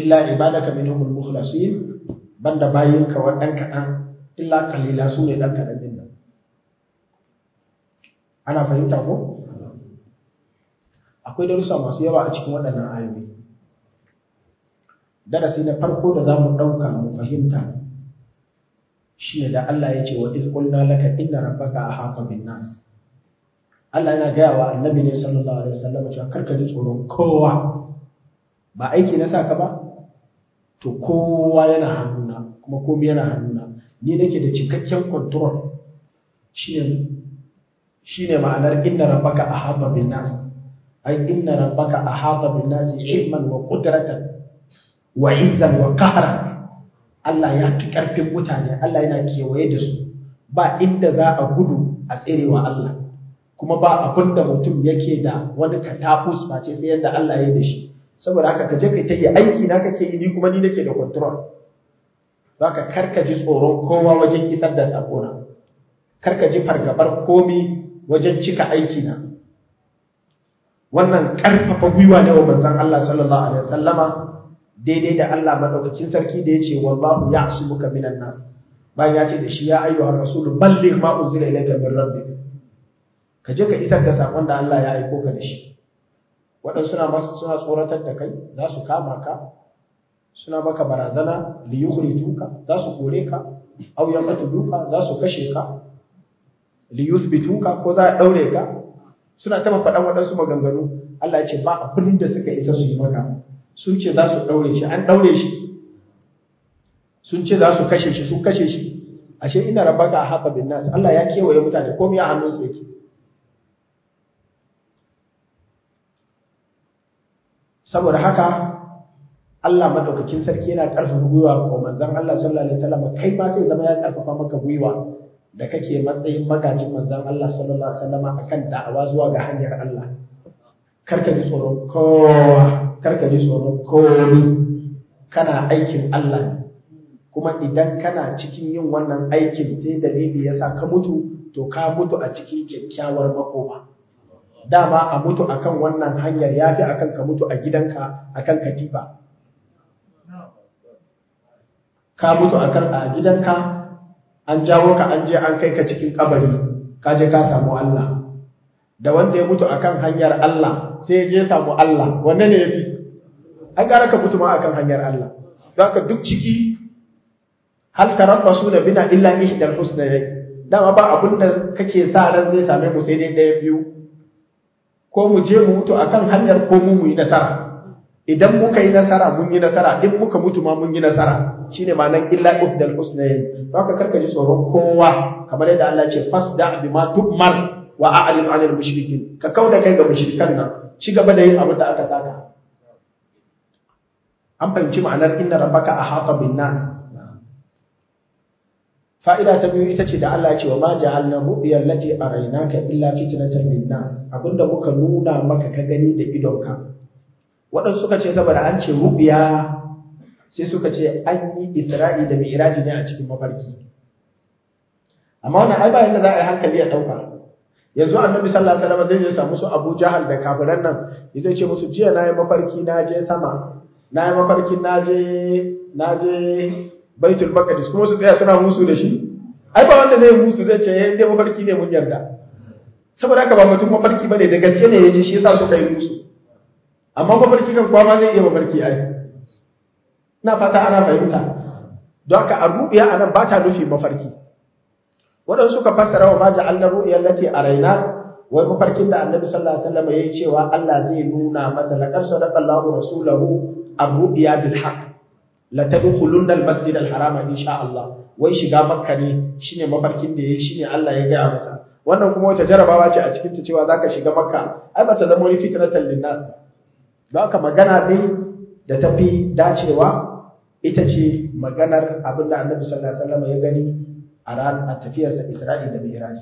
illa ibadaka minhumul mukhlasin banda bayinka wa dan illa qalila su ne dan kadan din nan ana fahimta ko akwai darussa masu yawa a cikin waɗannan ayoyi darasi na farko da zamu dauka mu fahimta shine da Allah ya ce wa iz qulna laka inna rabbaka ahata bin nas Allah yana gaya wa annabi ne sallallahu alaihi wasallam cewa karka ji tsoron kowa ba aiki na saka ba to kowa yana hannuna kuma komai yana hannuna ni nake da cikakken control shine shine ma'anar inna rabbaka ahata bin nas ai inna rabbaka ahata bin nas ilman wa qudratan wa izzan wa qahran Allah ya fi ƙarfin mutane Allah yana kewaye da su ba inda za a gudu a tserewa Allah kuma ba abin da mutum yake da wani katakus ba ce sai yadda Allah ya yi da shi saboda haka ka je kai ta yi aiki na kake yi ni kuma ni nake da control zaka karka ji tsoron kowa wajen isar da sakona karka ji fargabar komi wajen cika aiki na wannan karfafa gwiwa ne wa manzon Allah sallallahu alaihi wasallama daidai da Allah madaukakin sarki da ya yace wallahu ya'simuka minan nas bayan ya ce da shi ya ayyuhar rasulu balligh ma uzila ilayka min rabbik ka je ka isar da sakon da Allah ya aiko ka da shi waɗansu suna suna tsoratar da kai za su kama ka suna maka barazana li yukhrijuka za su kore ka aw yaqtuluka za su kashe ka li yuthbituka ko za a daure ka suna ta faɗan waɗansu maganganu Allah ya ce ba abin da suka isa su yi maka sun ce za su ɗaure shi an ɗaure shi sun ce za su kashe shi sun kashe shi ashe ina rabaka haka bin nasu Allah ya kewaye mutane komai a hannunsa yake saboda haka Allah madaukakin sarki yana ƙarfafa gwiwa wa manzan Allah sallallahu alaihi wasallam kai ma sai zama ya ƙarfafa maka gwiwa da kake matsayin magajin manzan Allah sallallahu alaihi wasallam akan da'awa zuwa ga hanyar Allah karka ji tsoron kowa karka ji tsoron komi kana aikin Allah kuma idan kana cikin yin wannan aikin sai dalili ya sa ka mutu to ka mutu a cikin kyakkyawar makoma dama a mutu akan wannan hanyar ya fi akan ka mutu a gidanka akan katifa ka mutu akan a gidanka an jawo ka an je an kai ka cikin kabari ka je ka samu Allah da wanda ya mutu akan hanyar Allah sai ya je samu Allah wanne ne ya fi an gara ka mutu ma akan hanyar Allah don ka duk ciki hal tarabbasu na bina illa ihdal husnayn dama ba abun da kake sa ran zai same mu sai dai ɗaya biyu ko mu je mu mutu akan hanyar ko mu yi nasara idan muka yi nasara mun yi nasara in muka mutu ma mun yi nasara shine nan illa ihdal husnayn don ka karka ji tsoron kowa kamar yadda Allah ce fasda ma tu'mar wa a'rid 'anil mushrikin ka kauda kai ga mushrikan nan ci gaba da yin abin da aka saka an fahimci ma'anar inna rabbaka ahata bin nas fa'ida ta biyu ita ce da Allah ya ce wa ma ja'alna rubiyal lati araynaka illa fitnatan lin nas abinda muka nuna maka ka gani da idonka waɗansu suka ce saboda an ce rubiya sai suka ce an yi isra'i da mi'raji ne a cikin mafarki amma wannan ai ba yadda za a yi hankali ya ɗauka yanzu annabi sallallahu alaihi wasallam zai je samu su Abu Jahal da kafiran nan zai ce musu jiya na yi mafarki na je sama na yi mafarkin na je baitul makadis kuma su tsaya suna musu da shi ai ba wanda zai musu zai ce yayin eh, dai mafarki ne mun yarda saboda haka ba mutum mafarki bane da gaske ne yaji shi yasa suka yi musu amma mafarki kan kwa ma zai iya mafarki ai na fata ana fahimta don haka a ru'ya anan ba ta nufi mafarki waɗansu suka fassara wa ma ja'alna ru'ya allati araina wai mafarkin da annabi sallallahu alaihi wasallam yayi cewa Allah zai nuna masa laqad sadaqa Allahu rasulahu ar-ru'ya bil haqq la tadkhulunna al-masjid Allah wai shiga makka ne shine mafarkin da yayi shine Allah ya gaya masa wannan kuma wata jarabawa ce a cikin ta cewa zaka shiga makka ai bata zama wani fitnatan linnas ba don haka magana ne da tafi dacewa ita ce maganar abin da Annabi sallallahu alaihi wasallam ya gani a ran a tafiyarsa Isra'i da Mi'raj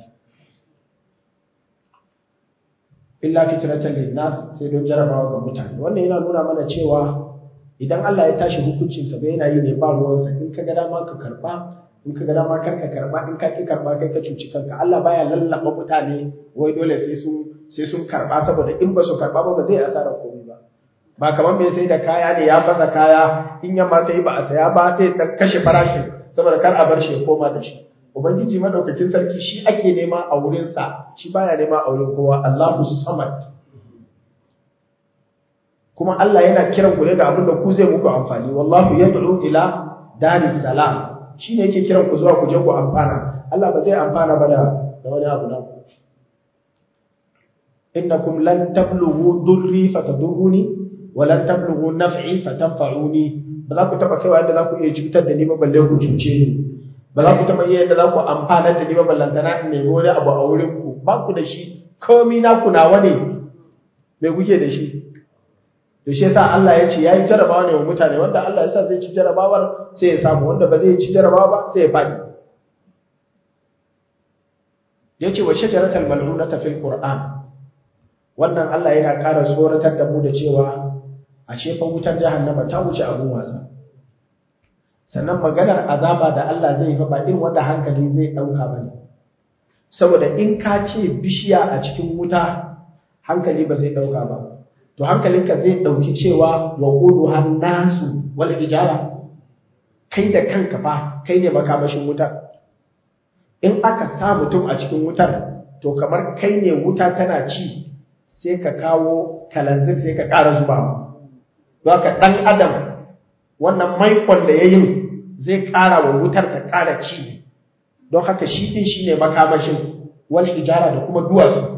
illa fitnatan linnas sai don jarabawa ga mutane wannan yana nuna mana cewa idan Allah ya tashi hukuncin sa ba yana yi ne ba ruwansa in ka ga dama ka karba in ka ga dama kar ka karba in ka ki karba kai ka cuci kanka Allah baya lallaba mutane wai dole sai sun sai sun karba saboda in ba su karba ba ba zai asara komai ba ba kamar me sai da kaya ne ya baza kaya in yamma ta yi ba a saya ba sai ta kashe farashin saboda kar a bar shi ya koma da shi ubangiji madaukakin sarki shi ake nema a wurinsa shi baya nema a wurin kowa Allahu samad kuma Allah yana kiran ku ne da abin da ku zai muku amfani wallahu yad'u ila daris salam shine yake kiran ku zuwa ku je ku amfana Allah ba zai amfana ba da wani abu na ku innakum lan tablughu durri fatadurruni wa lan tablughu naf'i fatanfa'uni ba za ku taba kaiwa yadda za ku iya cutar da ni ba balle ku cuce ni ba za ku taba iya yadda za ku amfana da ni ba ballantana in nemi wani abu a wurin ku ba ku da shi komi na ku nawa ne me kuke da shi da shi yasa Allah ya ce ya yi jarabawa ne wa mutane wanda Allah sa zai ci jarabawar sai ya samu wanda ba zai ci jarabawa ba sai ya faɗi. ya ce wa shajaratal mal'unata fil qur'an wannan Allah yana ƙara tsoratar da mu da cewa a fa wutar jahannama ta wuce abun wasa sannan maganar azaba da Allah zai yi ba irin wanda hankali zai ɗauka ba ne, saboda in ka ce bishiya a cikin wuta hankali ba zai ɗauka ba to hankalinka zai ɗauki cewa wa har nasu wal ijara kai da kanka fa kai ne makamashin wutar in aka sa mutum a cikin wutar to kamar kai ne wuta tana ci sai ka kawo kalanzir sai ka ƙara zuba don ka ɗan adam wannan maikon da ya yi zai ƙara wa wutar ta ƙara ci don haka shi ɗin shi ne makamashin wal ijara da kuma duwatsu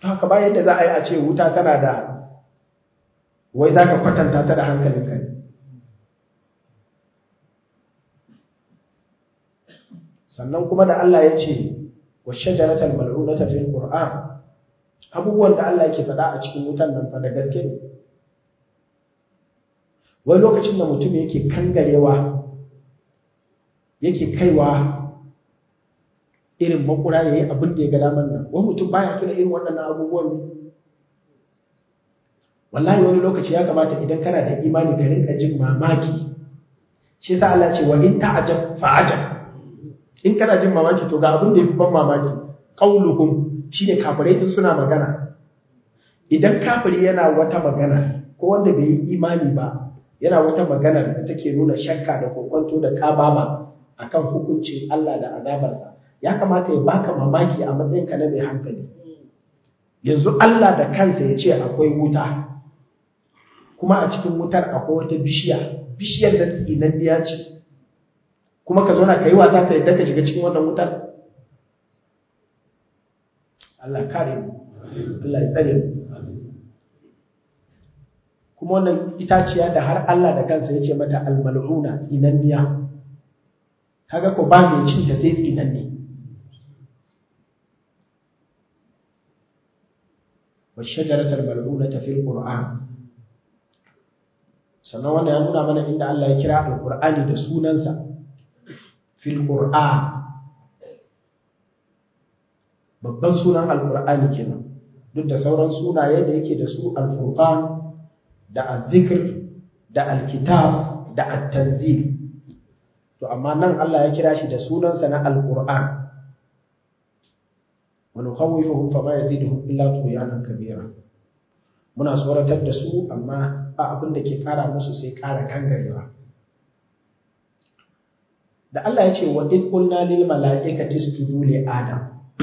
haka ba yadda za a yi a ce wuta tana da wai za ka kwatanta ta da hankalin ne sannan kuma da Allah ya ce wa shajaratal mal'unata fil qur'an abubuwan da Allah yake faɗa a cikin wutan nan fa da gaske ne wai lokacin da mutum yake kangarewa yake kaiwa irin makura ya yi abin da ya ga damar nan wani mutum baya tuna irin waɗannan abubuwan wallahi wani lokaci ya kamata idan kana da imani ka rinka jin mamaki shi sa Allah ce wa in fa ajab in kana jin mamaki to ga abin da fi ban mamaki qauluhum shine kafirai in suna magana idan kafiri yana wata magana ko wanda bai yi imani ba yana wata magana da take nuna shakka da kokonto da kababa akan hukuncin Allah da azabarsa ya kamata ya baka mamaki a matsayin ka na mai hankali yanzu Allah da kansa ya ce akwai wuta kuma a cikin wutar akwai wata bishiya bishiyar da tsinanniya ce kuma ka zauna ka yi wasa ta yadda ka shiga cikin wannan wutar Allah kare mu Allah ya tsare mu kuma wannan itaciya da har Allah da kansa ya ce mata almal'una tsinanniya kaga ko ba mai cin ta sai tsinan والشجرة الملعونة في القرآن sannan wanda ya nuna mana inda Allah ya kira Alƙur'ani da sunansa fil babban sunan alkur'ani kenan duk da sauran sunaye da yake da su alfurqan da azzikr da alkitab da at to amma nan Allah ya kira shi da sunansa na alkur'an wa nukhawifuhum fama yaziduhum illa tughyanan kabira muna tsoratar da su amma ba abin da ke kara musu sai kara kangarewa da Allah ya ce wa idh qulna lil mala'ikati isjudu li adam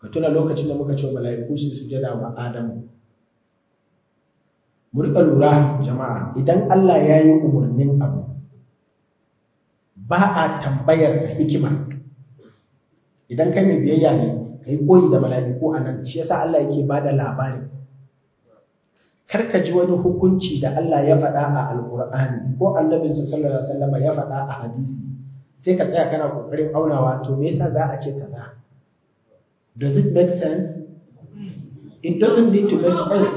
ka tuna lokacin da muka ce mala'iku su sujada wa adam mu riƙa lura jama'a idan Allah ya yi umarnin abu ba a tambayar sa hikimar idan kai mai biyayya ne ka yi koyi da mala'iku a nan shi yasa Allah yake ba da labarin kar ka ji wani hukunci da Allah ya faɗa a alƙur'ani ko annabi sallallahu alaihi wasallam ya faɗa a hadisi sai ka tsaya kana kokarin aunawa to me yasa za a ce kaza does it make sense it doesn't need to make sense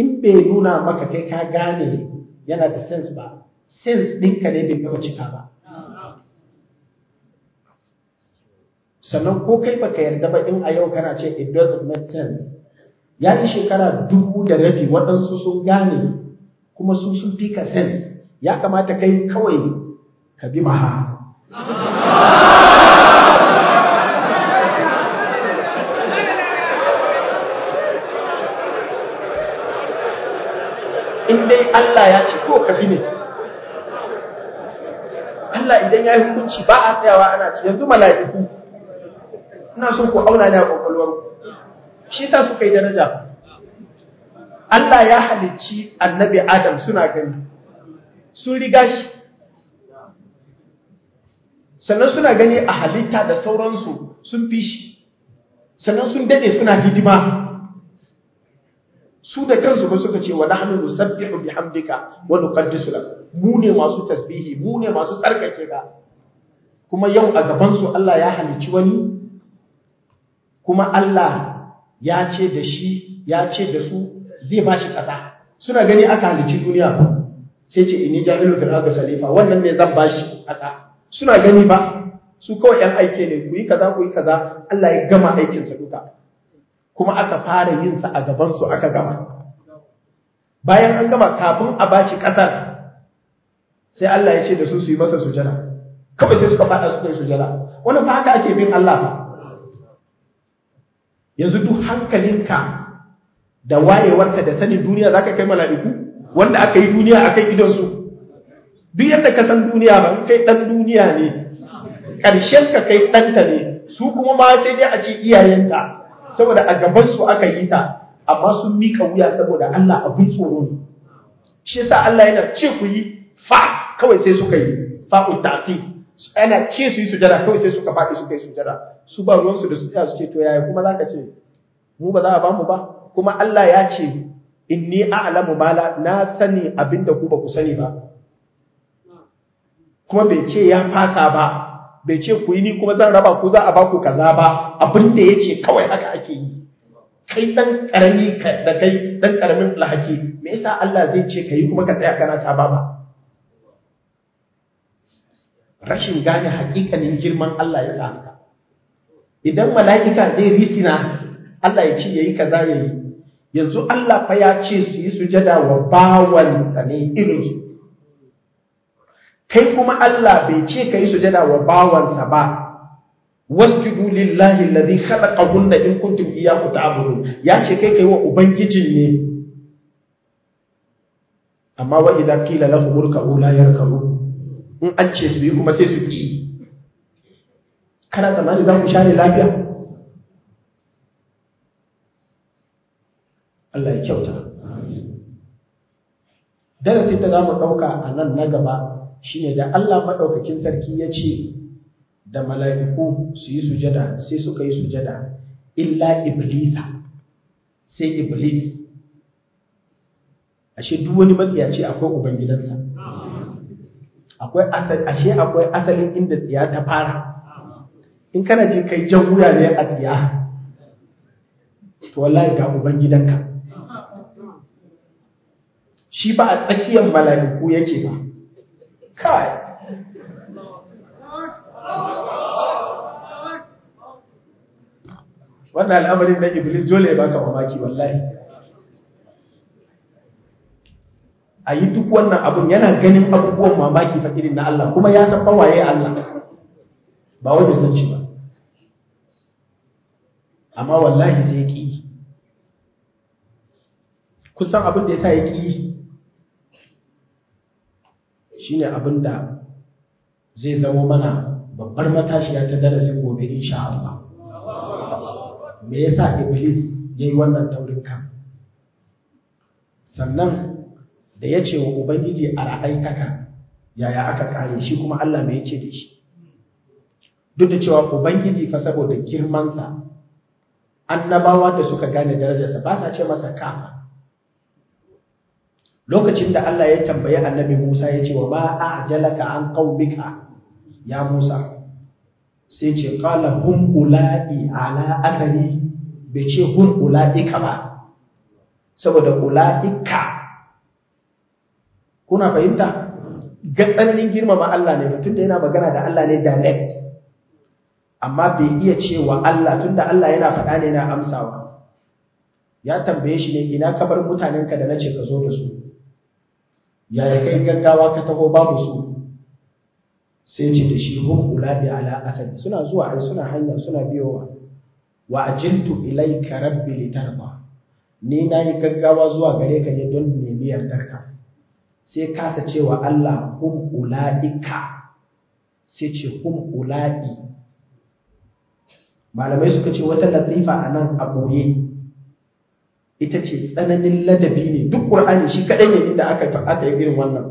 in bai nuna maka kai ka gane yana da sense ba sense ɗinka ne bai gaba cika ba sannan ko kai baka yarda ba in a yau kana ce it doesn't make sense ya yi shekara dubu da rabi waɗansu sun gane kuma su sun fi ka sense ya kamata kai kawai ka bi maha in dai Allah ya ci ko ka bi ne Allah idan ya yi hukunci ba a tsayawa ana ci yanzu mala'iku ina so ku auna ne a kwakwalwar ku shi ta suka yi daraja Allah ya halicci annabi Adam suna gani sun riga shi sannan suna gani a halitta da sauransu sun fi shi sannan sun dade suna hidima su da kansu ba suka ce wa na nahnu nusabbihu bihamdika wani nuqaddisu mu ne masu tasbihi mu ne masu tsarkake ga kuma yau a gabansu Allah ya halicci wani kuma Allah ya ce da shi ya ce da su zai ba shi ƙasa suna gani aka halicci duniya sai ce ini jahilu fil ardi khalifa wannan ne zan ba shi ƙasa suna gani ba su kawai yan aike ne ku yi kaza ku yi kaza Allah ya gama aikin sa duka kuma aka fara yin sa a gaban su aka gama bayan an gama kafin a ba shi ƙasar sai Allah ya ce da su su yi masa sujada kawai sai suka fada su yi sujada wannan fa haka ake bin Allah yanzu duk hankalinka da wayewarka da sanin duniya za ka kai mala'iku wanda aka yi duniya a kai idonsu duk yadda ka san duniya ba kai ɗan duniya ne ƙarshen ka kai ɗanta ne su kuma ma sai dai a ce iyayenta saboda a gabansu aka yi ta amma sun mika wuya saboda Allah abin tsoro ne shi yasa Allah yana ce ku yi fa kawai sai suka yi fa'u ta'ti ana ce su yi sujada kawai sai suka faɗi suka yi sujada su ba ruwansu da su tsaya su ce to yaya kuma za ce mu ba za a bamu ba kuma Allah ya ce inni a'lamu ma la na sani abinda ku ba ku sani ba kuma bai ce ya fasa ba bai ce ku yi ni kuma zan raba ku za a ba ku kaza ba abinda ya ce kawai haka ake yi kai dan karami da kai dan karamin lahaki me yasa Allah zai ce kai kuma ka tsaya kana ta ba rashin gane hakikanin girman Allah ya sa haka idan mala'ika zai rikina Allah ya ce ya yi kaza ya yi yanzu Allah fa ya ce su yi jada wa bawansa ne irinsu kai kuma Allah bai ce ka yi sujada wa bawansa ba Wasu wasjudu lillahi alladhi khalaqahunna in kuntum ta ta'budun ya ce kai kai wa ubangijin ne amma wa idza qila lahum urka'u la yarka'u in an ce su yi kuma sai su ki kana tsammani za ku share lafiya Allah ya kyauta darasin da za mu ɗauka a nan na gaba shine da Allah maɗaukakin sarki ya ce da mala'iku su yi sujada sai suka yi sujada illa iblisa sai iblis ashe duk wani matsiyaci akwai ubangidansa akwai asali ashe akwai asalin inda tsiya ta fara in kana ji kai jan wuya ne a tsiya to wallahi ga uban gidanka shi ba a tsakiyar mala'iku yake ba kai wannan al'amarin na iblis dole ya baka mamaki wallahi a yi duk wannan abun yana ganin abubuwan mamaki fa irin na Allah kuma ya san fawaye Allah ba wanda zan ci ba amma wallahi sai ƙi kusan abin da ya sa ya ƙi shi ne abin da zai zama mana babbar matashiya ta darasin gobe insha Allah me yasa iblis ya yi wannan taurin kan sannan da ya ce wa ubangiji a ra'aikaka yaya aka kare shi kuma Allah ya yake da shi duk da cewa ubangiji fa saboda girmansa annabawa da suka gane darajarsa ba sa ce masa ka lokacin da Allah ya tambayi annabi Musa ya ce wa ba a jalaka an qaumika ya Musa sai ce qala hum ula'i ala athari bai ce hum ula'ika ba saboda ula'ika kuna fahimta ga tsananin girmama Allah ne tunda yana magana da Allah ne direct amma bai iya cewa Allah tunda Allah yana faɗa ne na amsawa ya tambaye shi ne ina ka bar mutanenka da nace ka zo da su yaya kai gaggawa ka taho babu su sai ce da shi hum uladi ala asad suna zuwa ai suna hanya suna biyowa wa ajiltu ilayka rabbi litarda ni na yi gaggawa zuwa gare ka ne don nemi yardarka sai kasa cewa Allah hum ula'ika sai ce hum ula'i malamai suka ce wata latifa a nan a ɓoye ita ce tsananin ladabi ne duk ƙur'ani shi kaɗai ne inda aka aka yi irin wannan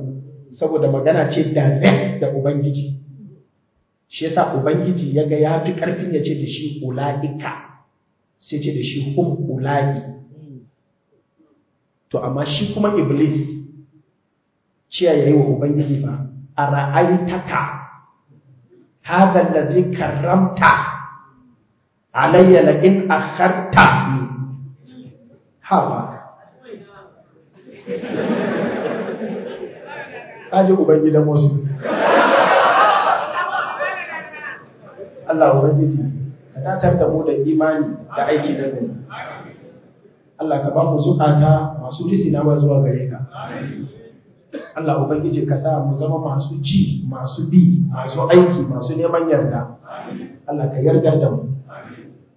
saboda magana ce direct da ubangiji shi yasa ubangiji ya ga ya fi ƙarfin ya ce da shi ula'ika sai ce da shi hum ula'i to amma shi kuma iblis ciya yi wa ubangiji ba a taka. ara'aitaka hadha zai karramta alayya la in akharta hawa kaji ubangidan wasu Allah ubangiji ka datar da mu da imani da aiki da gani Allah ka ba mu zukata masu ba zuwa gare ka Allah ubangiji ka sa mu zama masu ci masu bi masu aiki masu neman yarda Allah ka yarda da mu